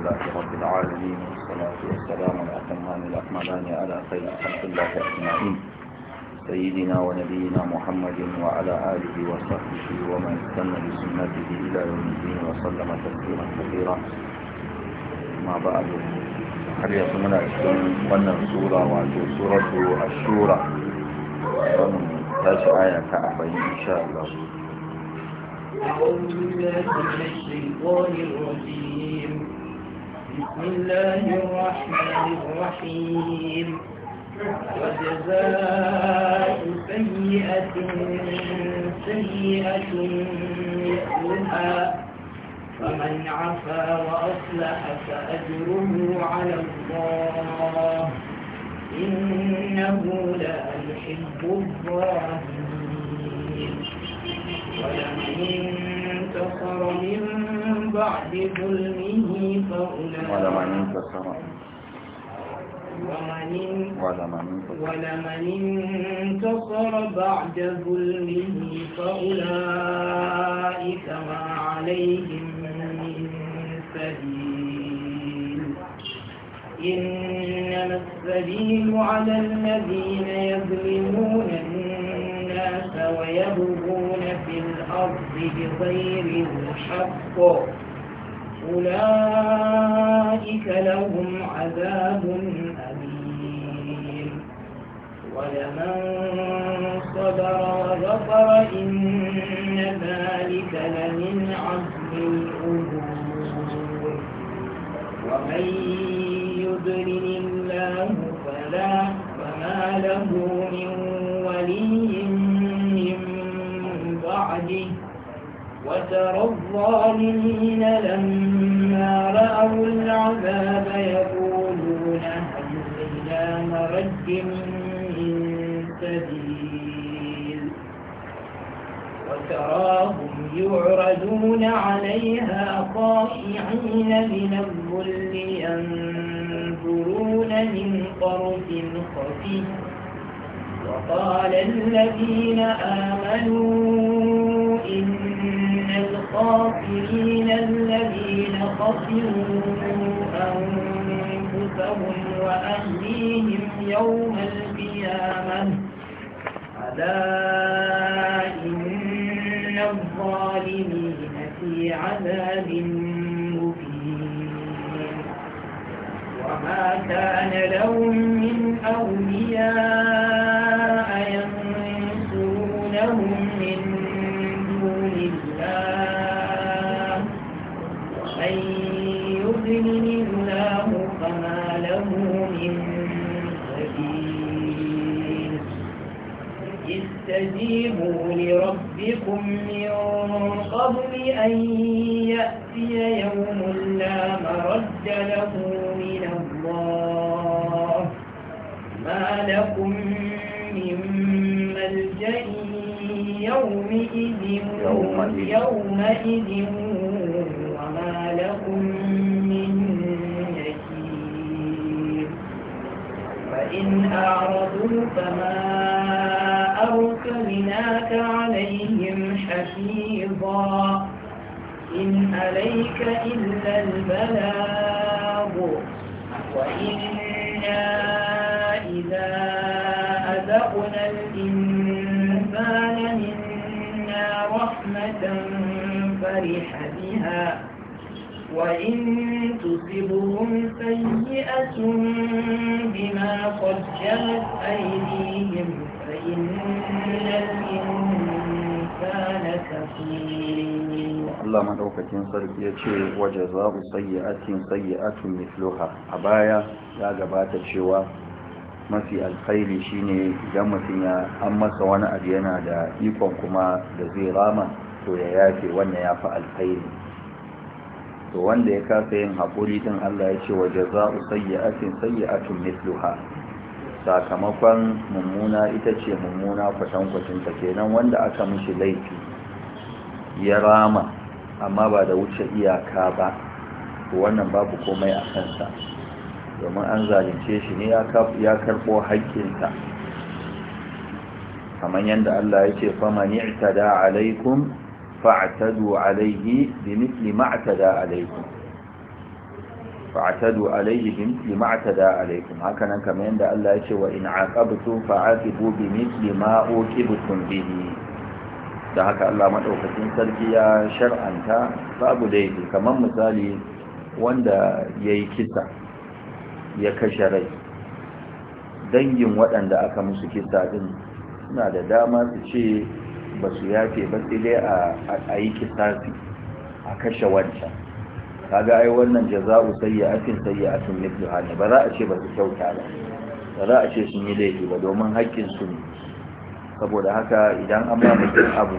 لله رب العالمين والصلاة والسلام الأتمان الأكملان على خير خلق الله أجمعين سيدنا ونبينا محمد وعلى آله وصحبه ومن اهتم بسنته إلى يوم الدين وسلم تسليما كثيرا ما بعد هل الإسلام أسلم وأن السورة وأن سورة الشورى تاش آية أربعين إن شاء الله أعوذ بالله من الشيطان الرجيم بسم الله الرحمن الرحيم وجزاء سيئة سيئة مثلها فمن عفا وأصلح فأجره على الله إنه لا يحب الظالمين ولمن انتصر من بعد ظلمه فأولئك ولمن انتصر بعد ظلمه فأولئك ما عليهم من سبيل إنما السبيل على الذين يظلمون الناس ويبغون في الأرض بغير الحق أولئك لهم عذاب أليم ولمن صبر وغفر إن ذلك لمن عزم الأمور ومن يضلل الله فلا فما له من ولي من بعده وترى الظالمين لهم الذين من الظل ينظرون من قرف خفي وقال الذين آمنوا إن الخاسرين الذين خسروا أنفسهم وأهليهم يوم القيامة ألا إن الظالمين في عذاب وما كان لهم من أولياء ينصرونهم من دون الله ومن يضلل الله فما له من سبيل استجيبوا لربكم من قبل أن يأتي يوم لا مرد له لكم من ملجأ يومئذ يومئذ وما لكم من نكير فإن أعرضوا فما أرسلناك عليهم حفيظا إن عليك إلا البلاغ وإن تصبهم سيئة بما قدرت أيديهم فإن الإنسان كفير Allah maɗaukacin sarki ya ce waje za askin sayi atin mifluha a baya ya gabata cewa mafi alkhairi shine idan mutum ya an masa wani abu yana da ikon kuma da zai rama to ya yafe wanda ya fi alkhairi to wanda ya kasa yin haƙuri din Allah ya ce asin jaza'u a sayyi'atun misluha. sakamakon mummuna ita ce mummuna kwatan-kwatan ta kenan wanda aka mishi laifi ya rama amma ba da wuce iyaka ba to wannan babu komai a kansa domin an zalunce shi ne ya karɓo haƙƙinsa kamar yadda Allah ya ce famani da alaikum فاعتدوا عليه بمثل ما اعتدى عليكم فاعتدوا عليه بمثل ما اعتدى عليكم هكذا كما عند الله يشي وإن عاقبتم فعاقبوا بمثل ما أوكبتم به da haka Allah madaukakin sarki ya shar'anta babu laifi kamar misali wanda yayi kisa ya kashe rai dangin waɗanda aka musu kisa din suna da dama su ce ba su yafe ba sai dai a yi kisasi a kashe wancan kaga ai wannan jaza'u sayyi'atin sayyi'atun mithluha ne ba za a ce ba su kyauta ba ba za a ce sun yi laifi ba domin haƙƙin su ne saboda haka idan an ba mutum abu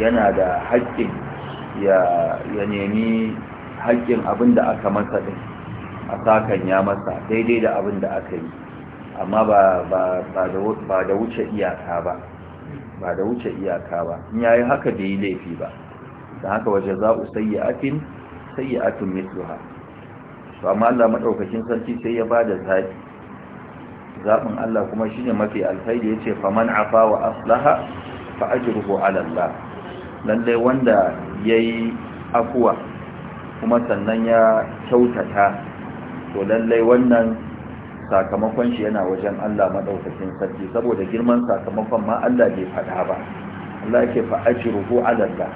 yana da haƙƙin ya ya nemi haƙƙin abin da aka masa din a sakan ya masa daidai da abin da aka yi amma ba ba ba da wuce iyaka ba ba da wuce iyaka ba in yayi haka da yi laifi ba da haka waje za u sayyi'atin sayyi'atun mithluha to amma Allah madaukakin sarki sai ya bada zabi zabin Allah kuma shine mafi alkhairi yace man afa wa aslaha fa ajruhu ala Allah Lallai wanda yayi afuwa kuma sannan ya kyautata to lallai wannan sakamakon shi yana wajen Allah madaukakin sarki saboda girman sakamakon ma Allah bai faɗa ba Allah yake fa ajruhu ala Allah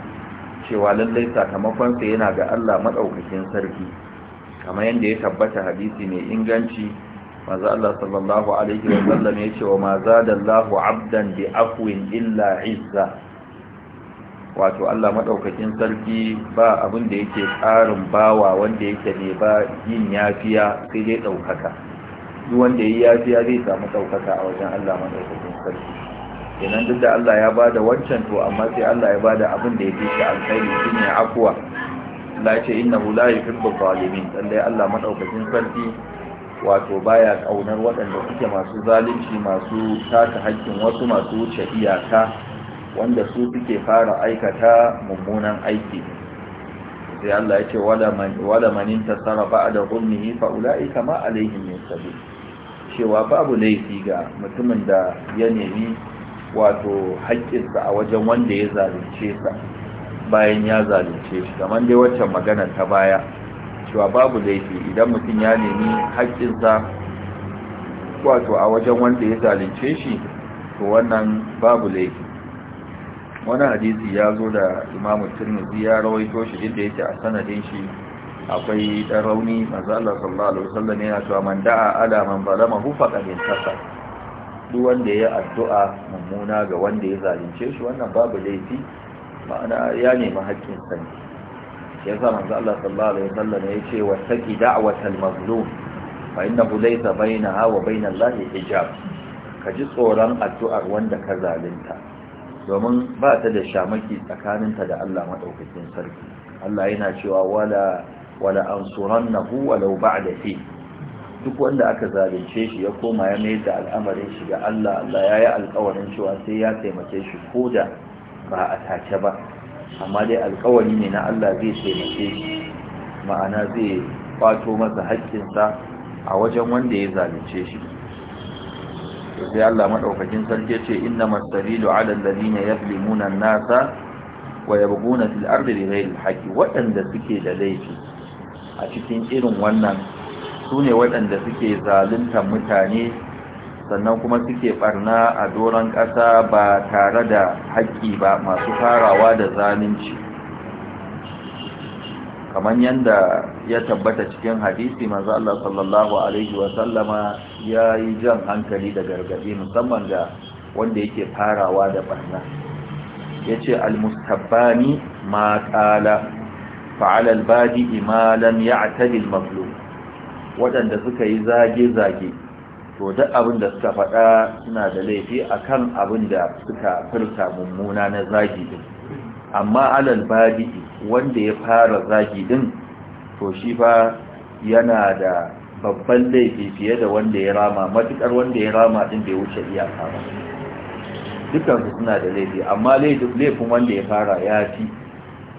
cewa lallai sakamakon sa yana ga Allah madaukakin sarki kamar yanda ya tabbata hadisi mai inganci manzo Allah sallallahu alaihi wa sallam ya ce wa ma zada Allahu 'abdan bi afwin illa 'izza wato Allah maɗaukakin sarki ba abin da yake karin bawa wanda yake ne ba yin yafiya sai dai ɗaukaka duk wanda yayi yafiya zai samu daukaka a wajen Allah madaukakin sarki kenan duk da Allah ya bada wancan to amma sai Allah ya bada abin da yake shi alkhairi shine afwa Allah ya ce inna la yuhibbu zalimin lallai Allah madaukakin sarki wato baya kaunar waɗanda suke masu zalunci masu taka haƙƙin wasu masu wuce iyaka wanda su suke fara aikata mummunan aiki sai Allah ya ce wala man wala man intasara da zulmihi fa ulaika ma alaihim min sabil cewa babu laifi ga mutumin da ya nemi wato haƙƙinsa a wajen wanda ya zalunce sa bayan ya zalunce shi kamar dai waccan magana ta baya cewa babu laifi idan mutum ya nemi haƙƙinsa wato a wajen wanda ya zalunce shi to wannan babu laifi wani hadisi ya zo da imamu turmuzi ya rawaito shi inda yake a sanadin shi akwai ɗan rauni manzo Allah sallallahu alaihi yana cewa man da'a duk wanda ya addu'a mummuna ga wanda ya zalunce shi wannan babu laifi ma'ana ya nemi haƙƙin sa ya sa manzo Allah sallallahu alaihi wasallam ya ce wa saki da'watal mazlum fa innahu laysa bainaha wa bainal lahi hijab ka ji tsoron addu'ar wanda ka zalunta domin ba ta da shamaki tsakaninta da Allah madaukakin sarki Allah yana cewa wala wala ansurannahu walau ba'da fi duk wanda aka zalunce shi ya koma ya mayar da al'amarin shi ga Allah Allah ya yi alƙawarin cewa sai ya taimake shi ko da ba a take ba amma dai alkawari ne na Allah zai taimake shi ma'ana zai kwato masa haƙƙinsa a wajen wanda ya zalunce shi sai Allah madaukakin sarki ce inna sabilu 'ala alladhina yadhlimuna an-nasa wa yabghuna fil ardi bighayri al-haqqi waɗanda suke da laifi a cikin irin wannan su ne waɗanda suke zaluntar mutane sannan kuma suke ɓarna a doron ƙasa ba tare da haƙƙi ba masu farawa da zalunci kamar yadda ya tabbata cikin hadisi manzo Allah sallallahu alaihi wa ya yi jan hankali da gargaɗi musamman ga wanda yake farawa da ɓarna ya ce almustabbani ma ƙala fa'ala al-badi ya lam ya'tadi al waɗanda suka yi zage zage to duk abin da suka faɗa suna da laifi a kan abin da suka furta mummuna na zagi din amma alal badi wanda ya fara zagi din to shi fa yana da babban laifi fiye da wanda ya rama matukar wanda ya rama din bai wuce iyaka ba dukansu suna da laifi amma laifin wanda ya fara ya fi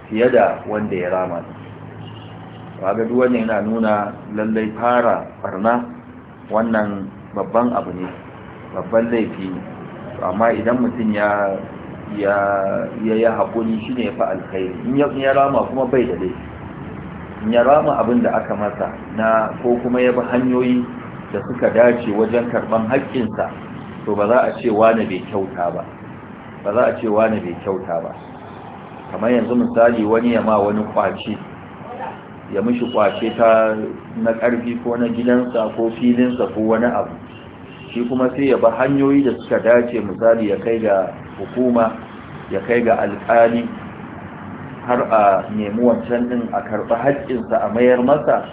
fiye da wanda ya rama kaga duk wannan yana nuna lallai fara barna wannan babban abu ne babban laifi amma idan mutum ya ya ya haƙuri shi ne ya fi alkhairi in ya rama kuma bai da laifi in ya rama abin da aka masa na ko kuma ya bi hanyoyi da suka dace wajen karɓan haƙƙinsa to ba za a ce wane bai kyauta ba ba za a ce wane bai kyauta ba kamar yanzu misali wani ya ma wani kwace ya mishi kwace ta na karfi ko na gidansa ko filinsa ko wani abu shi kuma sai ya ba hanyoyi da suka dace misali ya kai ga hukuma ya kai ga alkali har a nemi wancan din a karɓi haƙƙinsa a mayar masa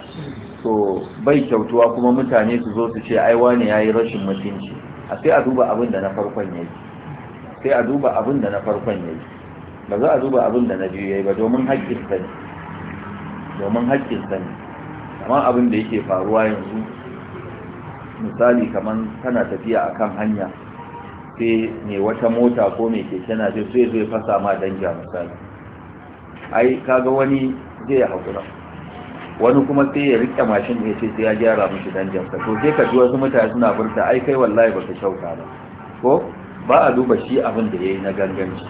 to bai kyautuwa kuma mutane su zo su ce aiwa ne ya yi rashin mutunci a sai a duba abin da na farkon ya yi sai a duba abin da na farkon ya yi ba za a duba abin da na biyu ya yi ba domin haƙƙin sani domin haƙƙin sani amma abin da yake faruwa yanzu misali kamar tana tafiya a kan hanya sai mai wata mota ko mai keke na je sai zai fasa ma danja misali ai kaga wani zai haƙura wani kuma sai ya riƙe mashin ya ce sai ya gyara mishi sa to sai ka ji wasu mutane suna furta ai kai wallahi baka shauka ba ko ba a duba shi abin da ya yi na ganganci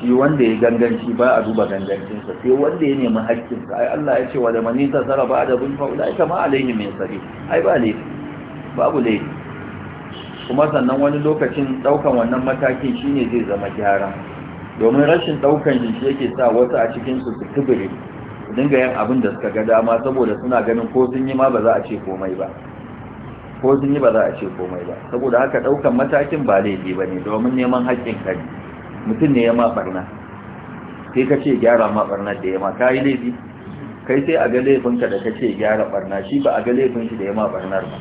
shi wanda ya ganganci ba a duba gangancinsa sai wanda ya nemi haƙƙinsa ai Allah ya ce wa da manisa ta sara ba da bin faula ita ma alaihi min sari ai ba ne babu ne kuma sannan wani lokacin daukan wannan matakin shine zai zama gyara domin rashin daukan shi yake sa wasu a cikin su su tubure dinga yin abin da suka ga dama saboda suna ganin ko sun yi ma ba za a ce komai ba ko sun yi ba za a ce komai ba saboda haka daukan matakin ba laifi bane domin neman haƙƙin kai mutum ne ya ma barna sai ka ce gyara ma barna da ya ma ka yi laifi kai sai a ga laifinka da ka ce gyara barna shi ba a ga laifin shi da ya ma barnar ba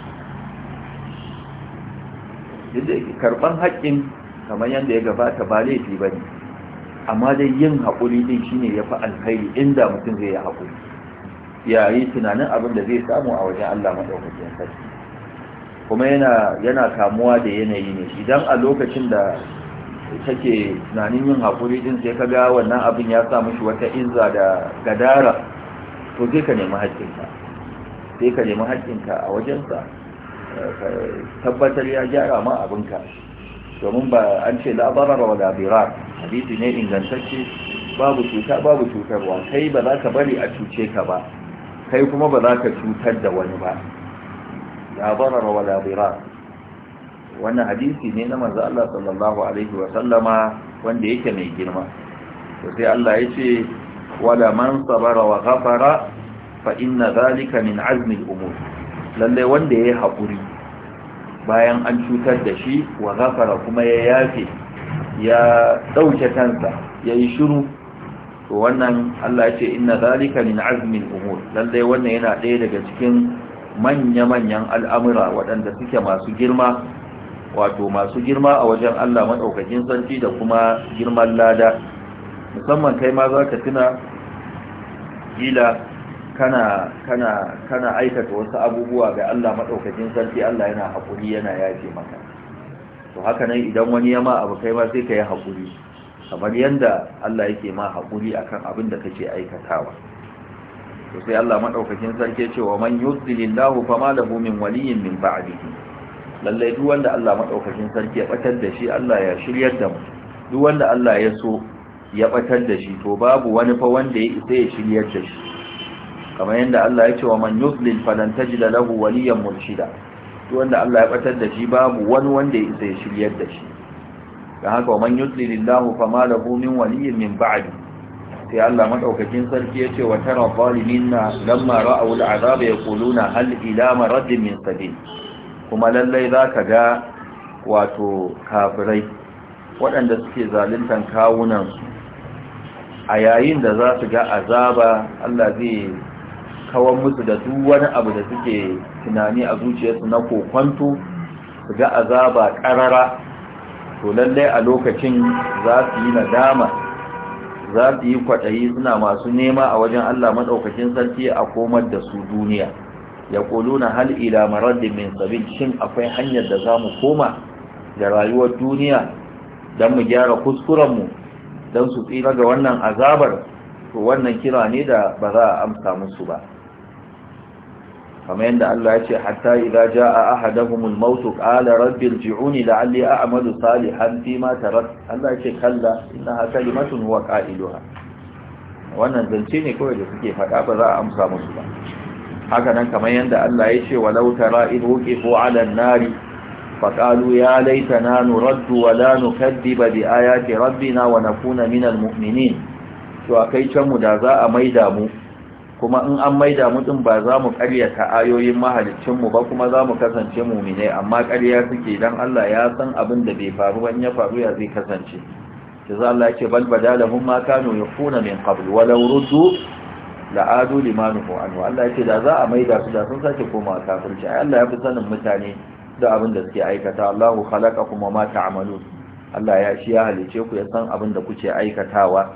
karɓar haƙƙin kamar yadda ya gabata ba laifi ba ne amma dai yin haƙuri ɗin shi ne ya fi alkhairi inda mutum zai yi haƙuri yayi tunanin abin da zai samu a wajen Allah maɗaukakin sarki kuma yana kamuwa da yanayi ne idan a lokacin da take tunanin yin haƙuri din sai ka ga wannan abin ya sa mishi wata inza da gadara to sai ka nemi haƙƙinka sai ka nemi haƙƙinka a wajensa tabbatar ya gyara ma abinka domin ba an ce labarar wa labirar hadisi ne ingantacce babu cuta babu cutarwa kai ba za ka bari a cuce ka ba kai kuma ba za ka cutar da wani ba labarar wa labirar wannan hadisi ne na manzo Allah sallallahu alaihi wa sallama wanda yake mai girma to sai Allah yace wala man sabara wa ghafara fa inna zalika min azmi al-umur lalle wanda yayi hakuri bayan an cutar da shi wa ghafara kuma ya yafe ya dauke kansa yayi shiru to wannan Allah yace inna zalika min azmi al-umur lalle wannan yana ɗaya daga cikin manya-manyan al'amura waɗanda suke masu girma wato masu girma a wajen Allah maɗaukakin sarki da kuma girman lada musamman kai ma za ka tuna gila kana kana kana aikata wasu abubuwa ga Allah maɗaukakin sarki Allah yana haƙuri yana yaje maka to haka nan idan wani yama abu kai ma sai ka yi haƙuri kamar yadda Allah yake ma haƙuri akan abin da kake aikatawa to sai Allah maɗaukakin sarki ya ce wa man yuzlilillahu fama lahu min waliyyin min ba'dihi lallai duk wanda Allah maɗaukakin sarki ya ɓatar da shi Allah ya shiryar da mu duk wanda Allah ya so ya ɓatar da shi to babu wani fa wanda ya isa ya shiryar da shi kamar yadda Allah ya ce wa man yudlil falan tajida lahu waliyan murshida duk wanda Allah ya ɓatar da shi babu wani wanda ya isa ya shiryar da shi dan haka wa man yudlilillahu fama lahu min waliyyin min ba'di sai Allah maɗaukakin sarki ya ce wa tara zalimina lamma ra'aw al'azaba yaquluna hal ila maraddin min sabil kuma lallai za ka ga wato kafirai waɗanda suke zaluntar kawunan, a yayin da za su ga azaba Allah zai kawar musu da duk wani abu da suke tunani a zuciyarsu na kokwanto su ga azaba ƙarara to lallai a lokacin za su yi nadama za su yi kwaɗayi suna masu nema a wajen Allah maɗaukacin sarki a komar da su duniya yaquluna hal ila maradin min sabil shin akwai hanyar da zamu koma da rayuwar duniya dan mu gyara kuskuren mu dan su tsira ga wannan azabar to wannan kira ne da ba za a amsa musu ba kamar yadda Allah ya ce hatta idza jaa ahaduhumul maut qala rabbi irji'uni la'alli a'malu salihan ma tarak Allah ya ce kalla innaha kalimatun huwa qailuha wannan zance ne kawai da suke faɗa ba za a amsa musu ba haka nan kamar yadda Allah ya ce walau tara in wuqifu 'ala an-nari faqalu ya laitana nuraddu wa la nukaddiba bi ayati rabbina wa nakuna minal mu'minin to akai can mu da za a maida mu kuma in an maida mu din ba za mu ta ayoyin mahaliccin mu ba kuma za mu kasance muminai amma ƙarya suke dan Allah ya san abin da bai faru ba ya faru ya zai kasance jaza Allah ya ce bal badalahum ma kanu yafuna min qabl wa law ruddu la'adu limanuhu anhu Allah yake da za a maida su da sun sake koma kafirci ai Allah ya fi sanin mutane da abin da suke aikata Allahu khalaqakum wa ma ta'malun Allah ya shi ya halice ku ya san abin da kuke aikatawa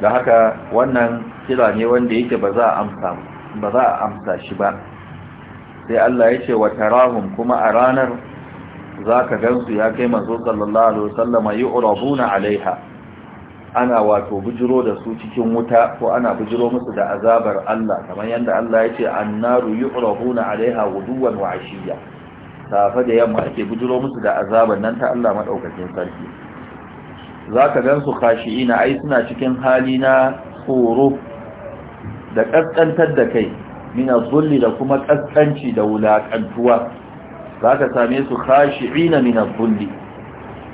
da haka wannan kira ne wanda yake ba za a amsa ba za a amsa shi ba sai Allah ya ce wa tarahum kuma a ranar zaka gansu ya kai manzo sallallahu alaihi wasallama yu'rabuna alaiha ana wato bujiro da su cikin wuta ko ana bujiro musu da azabar Allah kamar yadda Allah ya ce annaru yu'rabuna alaiha wuduwan wa ashiya safa da yamma ake bujiro musu da azabar nan ta Allah madaukakin sarki zaka su khashi'ina ai suna cikin hali na tsoro da kaskantar da kai min bulli da kuma kaskanci da wulakantuwa zaka same su khashi'ina min bulli.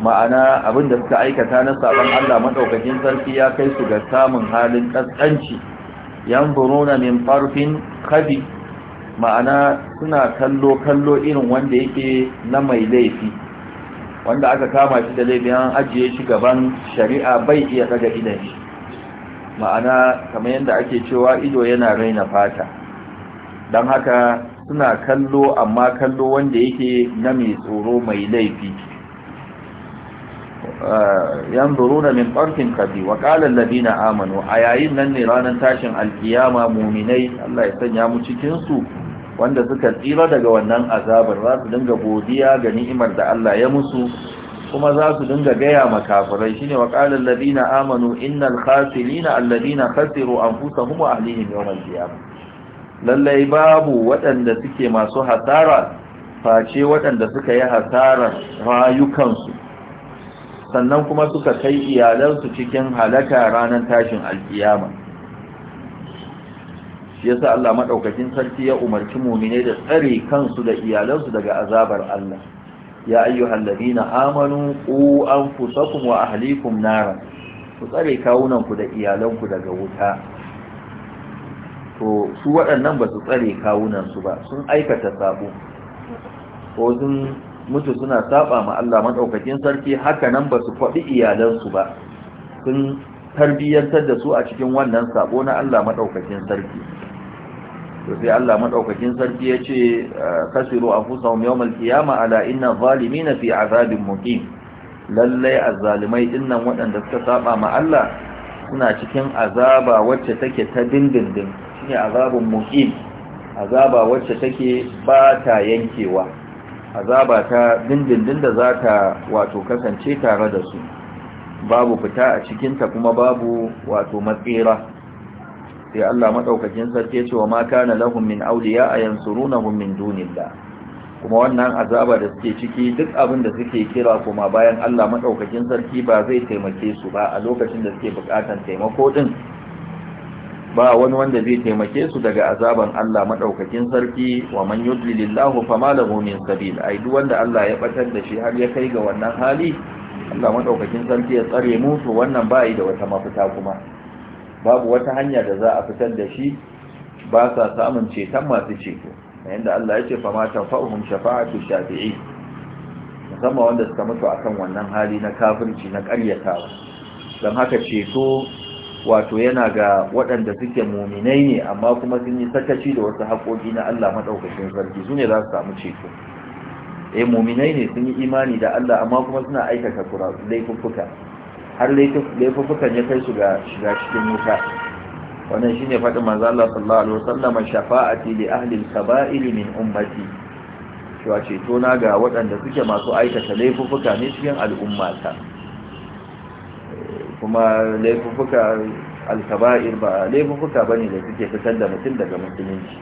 ma'ana abin da suka aikata na saban Allah madaukakin sarki ya kai su ga samun halin kaskanci buruna min farfin khabi ma'ana suna kallo kallo irin wanda yake na mai laifi wanda aka kama shi da laifi an ajiye shi gaban shari'a bai iya daga idan shi ma'ana kamar yadda ake cewa ido yana raina fata don haka suna kallo amma kallo wanda yake na mai tsoro mai laifi yanzuruna min farkin kadi, wa qala alladhina amanu a yayin nan ne ranar tashin alkiyama muminai Allah ya sanya mu cikin su wanda suka tsira daga wannan azabar za su dinga godiya ga ni'imar da Allah ya musu kuma za su dinga gaya kafirai shine wa qala alladhina amanu innal khasirina alladhina khasiru anfusahum wa ahlihim yawmal qiyamah lallai babu waɗanda suke masu hasara face waɗanda suka yi hasarar rayukansu sannan kuma suka kai iyalansu cikin halaka ranar tashin alkiyama shi yasa Allah madaukakin sarki ya umarci mu'mine da tsare kansu da iyalansu daga azabar Allah ya ayyuhal ladina amanu qu anfusakum wa ahlikum nara ku tsare kawunan da iyalanku daga wuta to su waɗannan ba su tsare kawunansu ba sun aikata sabo ko sun mutu suna saba ma Allah madaukakin sarki haka nan ba su faɗi iyalansu ba sun tarbiyyantar da su a cikin wannan sabo na Allah madaukakin sarki to sai Allah madaukakin sarki yace ah, kasiru anfusahum yawmal qiyama ala inna zalimina fi azabin muqim lallai azzalimai dinnan waɗanda suka saba ma Allah suna cikin azaba wacce take ta dindindin shine azabun muqim azaba wacce take ba ta yankewa azaba ta dindindin da za ta wato kasance tare da su babu fita a cikinta kuma babu wato matsira sai Allah madaukakin sarki ya ce wa ma kana lahum min awliya ayansurunahum min dunillah kuma wannan azaba da suke ciki duk abin da suke kira kuma bayan Allah maɗaukakin sarki ba zai taimake su ba a lokacin da suke bukatan taimako din ba wani wanda zai taimake su daga azaban Allah madaukakin sarki wa man yudlilillahu fama lahu min sabil ai duk wanda Allah ya batar da shi har ya kai ga wannan hali Allah madaukakin sarki ya tsare mu to wannan bai da wata mafita kuma babu wata hanya da za a fitar da shi ba sa samun ceton masu ceto yayin da Allah ya ce ma tanfa'uhum shafa'atu shafi'i musamman wanda suka mutu akan wannan hali na kafirci na ƙaryatawa don haka ceto wato yana ga waɗanda suke muminai ne amma kuma sun yi sakaci da wasu haƙoƙi na Allah maɗaukacin sarki su ne za su samu ceto eh muminai ne sun yi imani da Allah amma kuma suna aikata laifuffuka har laifuffukan ya kai su ga shiga cikin wuta wannan shine faɗin manzo Allah sallallahu alaihi wasallam shafa'ati li ahli al-kaba'ir min ummati wace ceto na ga waɗanda suke masu aikata laifuffuka ne cikin al'ummata kuma laifuka alkaba'ir ba laifuka bane da suke fitar da mutum daga musulunci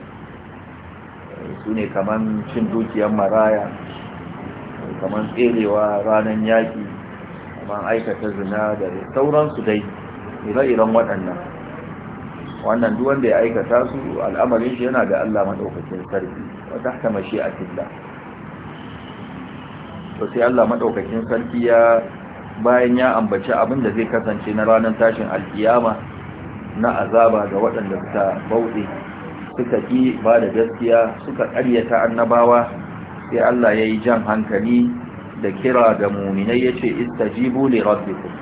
su ne kaman cin dukiyar maraya kaman tserewa ranar yaƙi kaman aikata zina da sauransu dai ire-iren waɗannan wannan duk wanda ya aikata su al'amarin shi yana da Allah madaukakin sarki wa tahta mashi'atillah to sai Allah madaukakin sarki ya bayan ya ambaci abin da zai kasance na ranar tashin alkiyama na azaba ga waɗanda suka bauɗe suka ƙi ba da gaskiya suka ƙaryata annabawa sai Allah ya yi jan hankali da kira ga muminai ya ce istajibu li rabbikum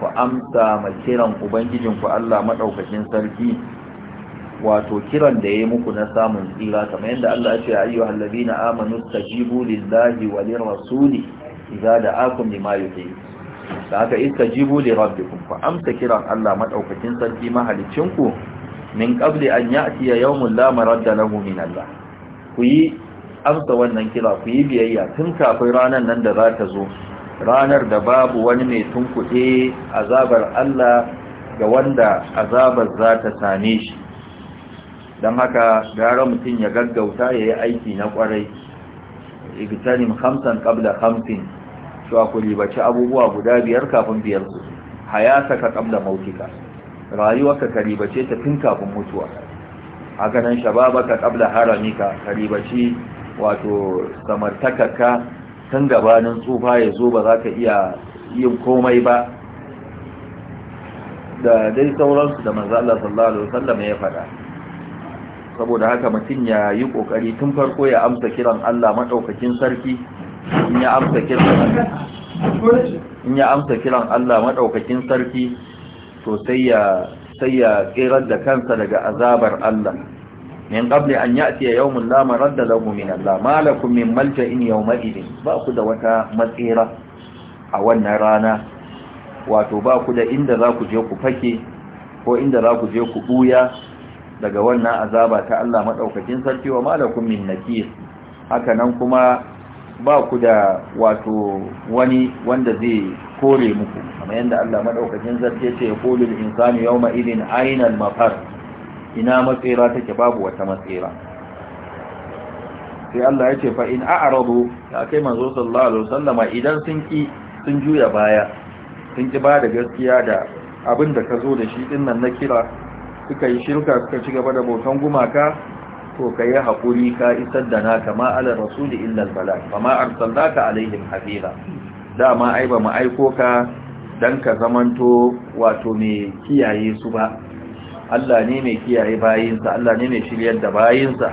ku amsa ma kiran ubangijinku Allah maɗaukakin sarki wato kiran da ya yi muku na samun tsira kamar yadda Allah ya ce ayyuhal na amanu istajibu lillahi wa lirrasuli idza da'akum lima yuhyikum da isa istajibu li rabbikum fa amsa kiran Allah madaukakin sarki mahalicinku min qabli an ya'tiya yawmun la maradda lahu min Allah ku yi amsa wannan kira ku yi biyayya tun kafin ranar nan da za ta zo ranar da babu wani mai tunkuɗe azabar Allah ga wanda azabar za ta same shi don haka gara mutum ya gaggauta ya yi aiki na kwarai igitanin hamsin ƙabla hamsin cewa ku ribaci abubuwa guda biyar kafin biyar su hayata ka kamda mautika rayuwarka ka ribace ta tun kafin mutuwa haka nan ka kabla haramika ka ribaci wato samartakarka, tun gabanin tsufa ya zo ba za ka iya yin komai ba da dai sauransu da manzo Allah sallallahu alaihi wasallam ya faɗa saboda haka mutum ya yi kokari tun farko ya amsa kiran Allah madaukakin sarki in ya amsa kiran Allah maɗaukakin sarki to sai ya sai tsirar da kansa daga azabar Allah min qabli an ya'ti yawmun la da lahu min Allah malakum min in yau idin ba ku da wata matsira a wannan rana wato ba ku da inda za ku je ku fake ko inda za ku je ku buya daga wannan azaba ta Allah maɗaukakin sarki wa malakum min nakir haka nan kuma ba ku da wato wani wanda zai kore muku amma yadda Allah madaukakin zarge ce qulul insanu yawma idin aina al-mafar ina matsira take babu wata matsira sai Allah ya ce fa in a'radu ya kai manzo sallallahu alaihi wasallama idan sun ki sun juya baya sun ki ba da gaskiya da abin da ka zo da shi din nan na kira suka yi shirka suka ci gaba da bautan gumaka to ka yi haƙuri ka isar da naka ma ma'alar rasuli illal balak ba ma arsalnaka alaihim hafiza dama ai ba mu aiko ka dan ka zamanto wato mai kiyaye su ba Allah ne mai kiyaye bayinsa Allah ne mai shiryar da bayinsa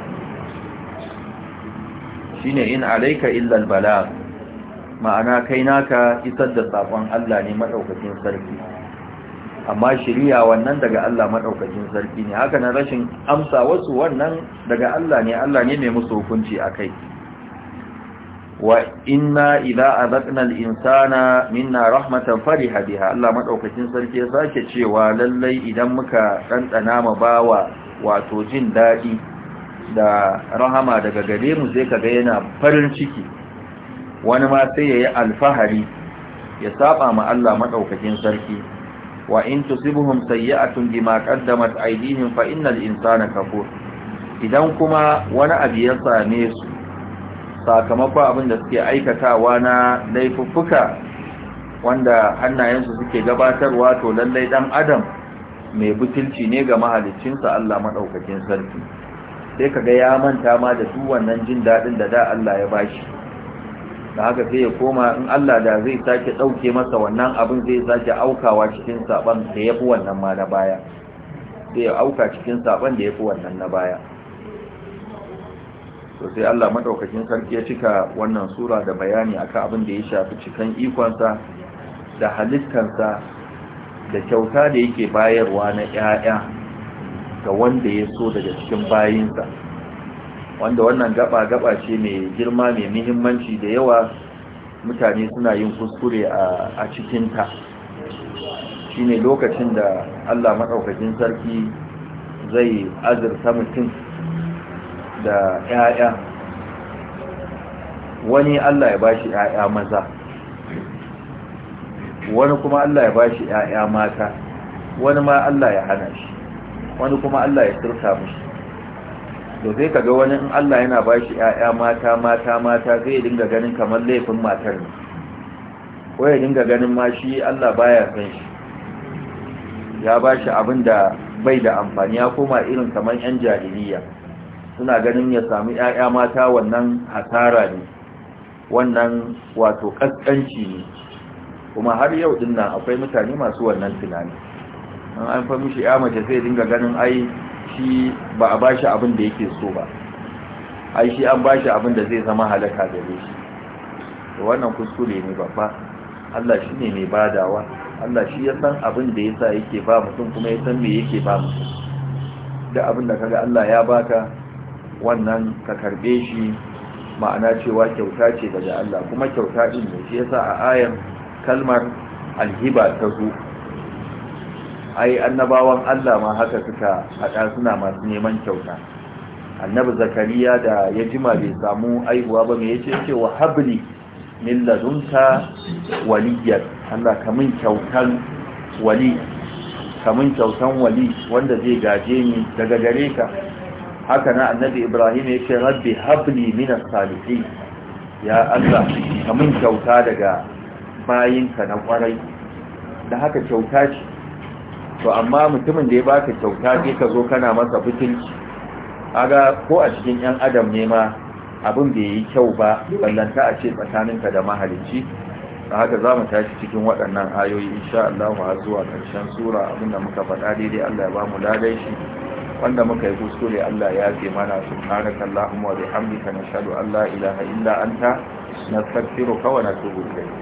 shine in alaika illal balak ma'ana kai naka isar da sakon Allah ne maɗaukacin sarki amma shiriya wannan daga Allah madaukakin sarki ne haka nan rashin amsa wasu wannan daga Allah ne Allah ne mai musu hukunci akai wa inna idza azaqna al-insana minna rahmatan fariha biha Allah madaukakin sarki ya sake cewa lallai idan muka dandana ma bawa wato jin dadi da rahama daga gare mu sai kaga yana farin ciki wani ma sai yayi alfahari ya saba ma Allah madaukakin sarki wa in tusibuhum sayyi'atun bima qaddamat aydihim fa innal insana kafur idan kuma wani abu ya same su sakamakon abin da suke aikatawa na laifuffuka wanda hannayensu suke gabatarwa to lallai dan adam mai butulci ne ga mahaliccinsa Allah madaukakin sarki sai kaga ya manta ma da duk wannan jin dadin da da Allah ya bashi da haka sai ya koma in Allah da zai sake ɗauke masa wannan abin zai sake aukawa cikin saban da ya fi wannan ma na baya sai ya auka cikin saban da ya fi wannan na baya to sai Allah madaukakin sarki ya cika wannan sura da bayani akan abin da ya shafi cikan ikonsa da halittarsa da kyauta da yake bayarwa na 'ya'ya ga wanda ya so daga cikin bayinsa wanda wannan gaba-gaba ce mai girma mai muhimmanci da yawa mutane suna yin kuskure a cikinta shi ne lokacin da allah maɗaukakin sarki zai azurta mutum da 'ya'ya wani allah ya bashi 'ya'ya maza wani kuma allah ya bashi 'ya'ya mata wani ma allah ya hana shi wani kuma allah ya turka mashi to sai ga wani in Allah yana ba shi ‘ya'ya mata mata mata zai dinga ganin kamar laifin matar ne ko ya dinga ganin ma shi Allah baya san shi ya ba shi abin da bai da amfani ya koma irin kamar ‘yan jahiliya suna ganin ya samu ‘ya'ya mata wannan hasara ne wannan wato ƙasƙanci ne kuma har yau din nan akwai mutane masu wannan tunani an an fa mishi ya mace zai dinga ganin ai shi ba a bashi abin da yake so ba ai shi an bashi abin da zai zama halaka gare shi to wannan kuskure ne babba Allah shi ne mai badawa Allah shi ya san abin da yasa yake ba mutum kuma ya san me yake ba mutum da abin da kaga Allah ya baka wannan ka karbe shi ma'ana cewa kyauta ce daga Allah kuma kyauta din ne shi yasa a ayar kalmar alhiba ta zo ai annabawan Allah ma haka suka haɗa suna masu neman kyauta annabi zakariya da ya jima bai samu aihuwa ba mai yace yace wa habli min ladunka waliyyan Allah kamun kyautan wali kamun kyautan wali wanda zai gaje ni daga gare ka haka na annabi Ibrahim yace rabbi habli min as-salihin ya Allah kamun kyauta daga bayinka na kwarai da haka kyauta ce to amma mutumin da ya baka kyauta sai ka zo kana masa butulci aga ko a cikin yan adam ne ma abin da yayi kyau ba ballanta a ce ka da mahalicci a haka za mu tashi cikin waɗannan ayoyi insha Allah har zuwa ƙarshen sura abinda muka faɗa daidai Allah ya ba mu ladai shi wanda muka yi kuskure Allah ya ce mana subhanaka allahumma wa bihamdika nashhadu an la ilaha illa anta nastaghfiruka wa natubu ilayk